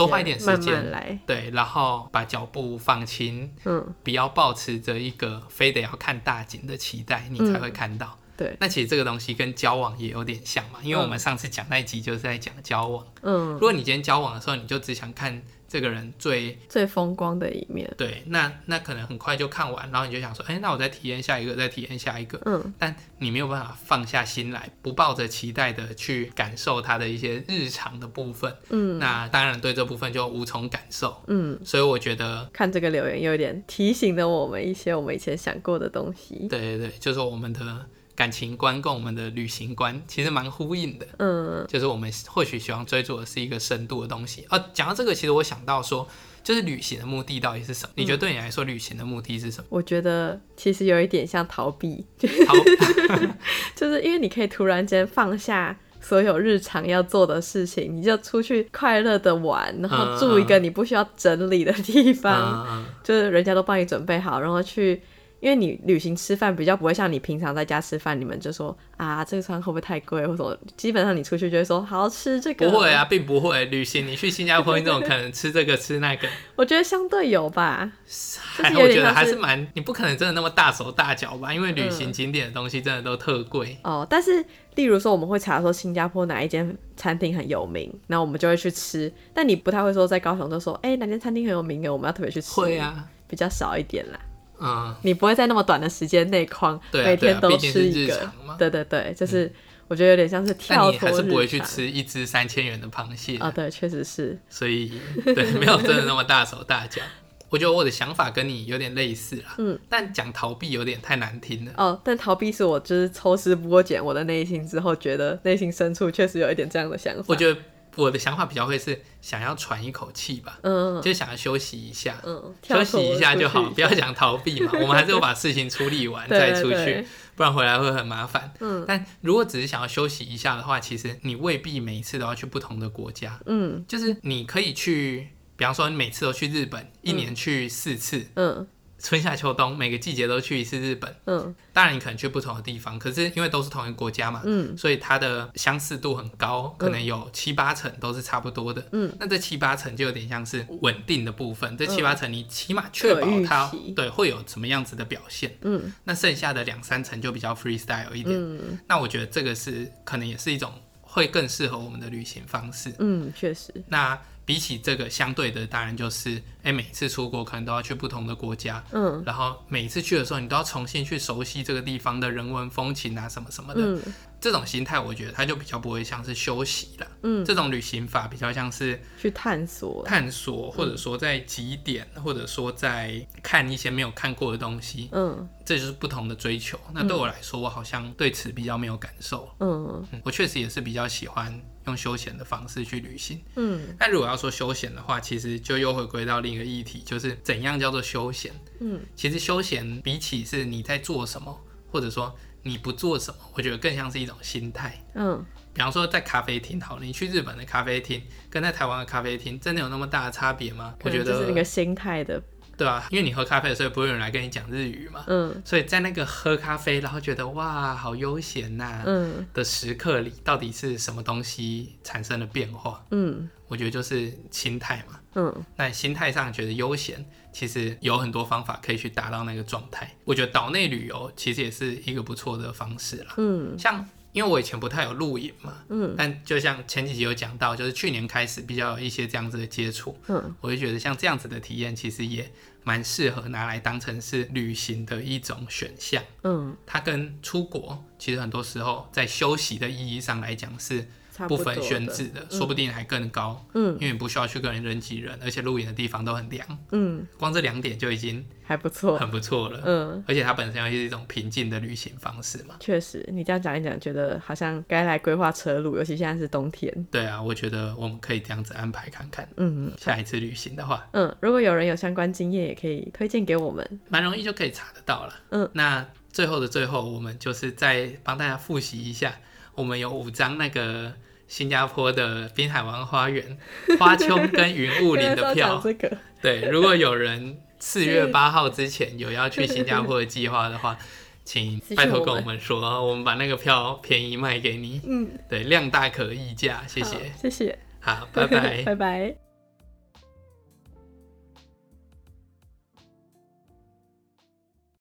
對，然後把腳步放輕，嗯，不要抱持着一個非得要看大景的期待，你才會看到。嗯。對，那其實這個東西跟交往也有點像嘛，因為我們上次講那一集就是在講交往，嗯，如果你今天交往的時候，你就只想看。這個人最最風光的一面，對，那那可能很快就看完，然後你就想說，哎，那我再體驗下一個，再體驗下一個，嗯，但你沒有辦法放下心來，不抱着期待的去感受他的一些日常的部分，嗯，那當然對這部分就無從感受，嗯，所以我覺得看這個留言有點提醒了我們一些我們以前想過的東西，對對對，就是我們的。感情觀跟我們的旅行觀其實蠻呼應的，嗯，就是我們或許希望追逐的是一個深度的東西。哦、啊，講到這個，其實我想到說，就是旅行的目的到底是什麼？嗯、你覺得對你來說，旅行的目的是什麼？我覺得其實有一點像逃避，逃 就是因為你可以突然間放下所有日常要做的事情，你就出去快樂的玩，然後住一個你不需要整理的地方，嗯、就是人家都幫你準備好，然後去。因為你旅行吃飯比較不會像你平常在家吃飯，你們就說啊，這個餐會不會太貴，或者基本上你出去就會說好吃這個。不會啊，並不會。旅行你去新加坡你這種，可能吃這個吃那個。 我覺得相對有吧。還是是我覺得還是蠻，你不可能真的那麼大手大腳吧？因為旅行景點的東西真的都特貴。呃、哦，但是例如說我們會查說新加坡哪一間餐廳很有名，那我們就會去吃。但你不太會說在高雄就說，哎，哪間餐廳很有名，哎，我們要特別去吃。會啊，比較少一點啦。嗯，你不會在那麼短的時間內框每天都吃一個。對啊對啊，畢竟是日常嗎。對對對，就是、嗯、我覺得有點像是跳脫日常。但你還是不會去吃一隻三千元的螃蟹啊。哦，對，確實是。所以，對，沒有真的那麼大手大腳。 我覺得我的想法跟你有點類似啊。嗯，但講逃避有點太難聽了哦。但逃避是我就是抽絲剝繭我的內心之後，覺得內心深處確實有一點這樣的想法。我覺得。我的想法比較會是想要喘一口氣吧、嗯，就想要休息一下，嗯、休息一下就好下，不要想逃避嘛。 我們還是要把事情處理完 對對對，再出去，不然回來會很麻煩、嗯。但如果只是想要休息一下的話，其實你未必每次都要去不同的國家，嗯、就是你可以去，比方說你每次都去日本，嗯、一年去四次，嗯嗯春夏秋冬每個季節都去一次日本、嗯，當然你可能去不同的地方，可是因為都是同一個國家嘛、嗯，所以它的相似度很高，可能有七八成都是差不多的，嗯，那這七八成就有點像是穩定的部分、嗯，這七八成你起碼確保它、嗯、對會有什麼樣子的表現，嗯，那剩下的兩三成就比較 freestyle 一點，嗯，那我覺得這個是可能也是一種會更適合我們的旅行方式，嗯，確實，那。比起這個相對的，當然就是、欸，每次出國可能都要去不同的國家，嗯，然後每次去的時候，你都要重新去熟悉這個地方的人文風情啊，什麼什麼的，嗯、這種心態，我覺得它就比較不會像是休息了，嗯，這種旅行法比較像是探去探索、探索，或者說在極點、嗯，或者說在看一些沒有看過的東西，嗯，這就是不同的追求。嗯、那對我來說，我好像對此比較沒有感受，嗯，嗯，我確實也是比較喜歡。用休閒的方式去旅行，嗯，那如果要說休閒的話，其實就又回歸到另一個議題，就是怎樣叫做休閒，嗯，其實休閒比起是你在做什麼，或者說你不做什麼，我覺得更像是一種心態，嗯，比方說在咖啡廳好，你去日本的咖啡廳跟在台灣的咖啡廳，真的有那麼大的差別嗎？我覺得就是那個心態的。對啊，因為你喝咖啡的時候，所以不會有人來跟你講日語嘛。嗯，所以在那個喝咖啡，然後覺得哇，好悠閒吶、啊。嗯。的時刻裡，到底是什麼東西產生了變化？嗯，我覺得就是心態嘛。嗯。那心態上覺得悠閒，其實有很多方法可以去達到那個狀態。我覺得島內旅遊其實也是一個不錯的方式啦。嗯。像。因為我以前不太有露營嘛，嗯，但就像前幾集有講到，就是去年開始比較有一些這樣子的接觸，嗯，我就覺得像這樣子的體驗，其實也蠻適合拿來當成是旅行的一種選項，嗯，它跟出國其實很多時候在休息的意義上來講是。部分選址的，的、嗯，說不定還更高。嗯，因為你不需要去跟人人擠人，而且露營的地方都很涼。嗯，光這兩點就已經不錯還不錯，很不錯了。嗯，而且它本身又是一種平靜的旅行方式嘛。確實，你這樣講一講，覺得好像該來規劃車路，尤其現在是冬天。對啊，我覺得我們可以這樣子安排看看。嗯嗯。下一次旅行的話，嗯，如果有人有相關經驗，也可以推薦給我們。蠻容易就可以查得到了。嗯，那最後的最後，我們就是再幫大家複習一下，我們有五張那個。新加坡的濱海灣花園、花穹跟雲霧林的票、 這個，對，如果有人四月八號之前有要去新加坡的計劃的話，請拜託跟我們說我們，我們把那個票便宜賣給你。嗯、對，量大可議價，謝謝，謝謝，好，拜拜， 拜拜。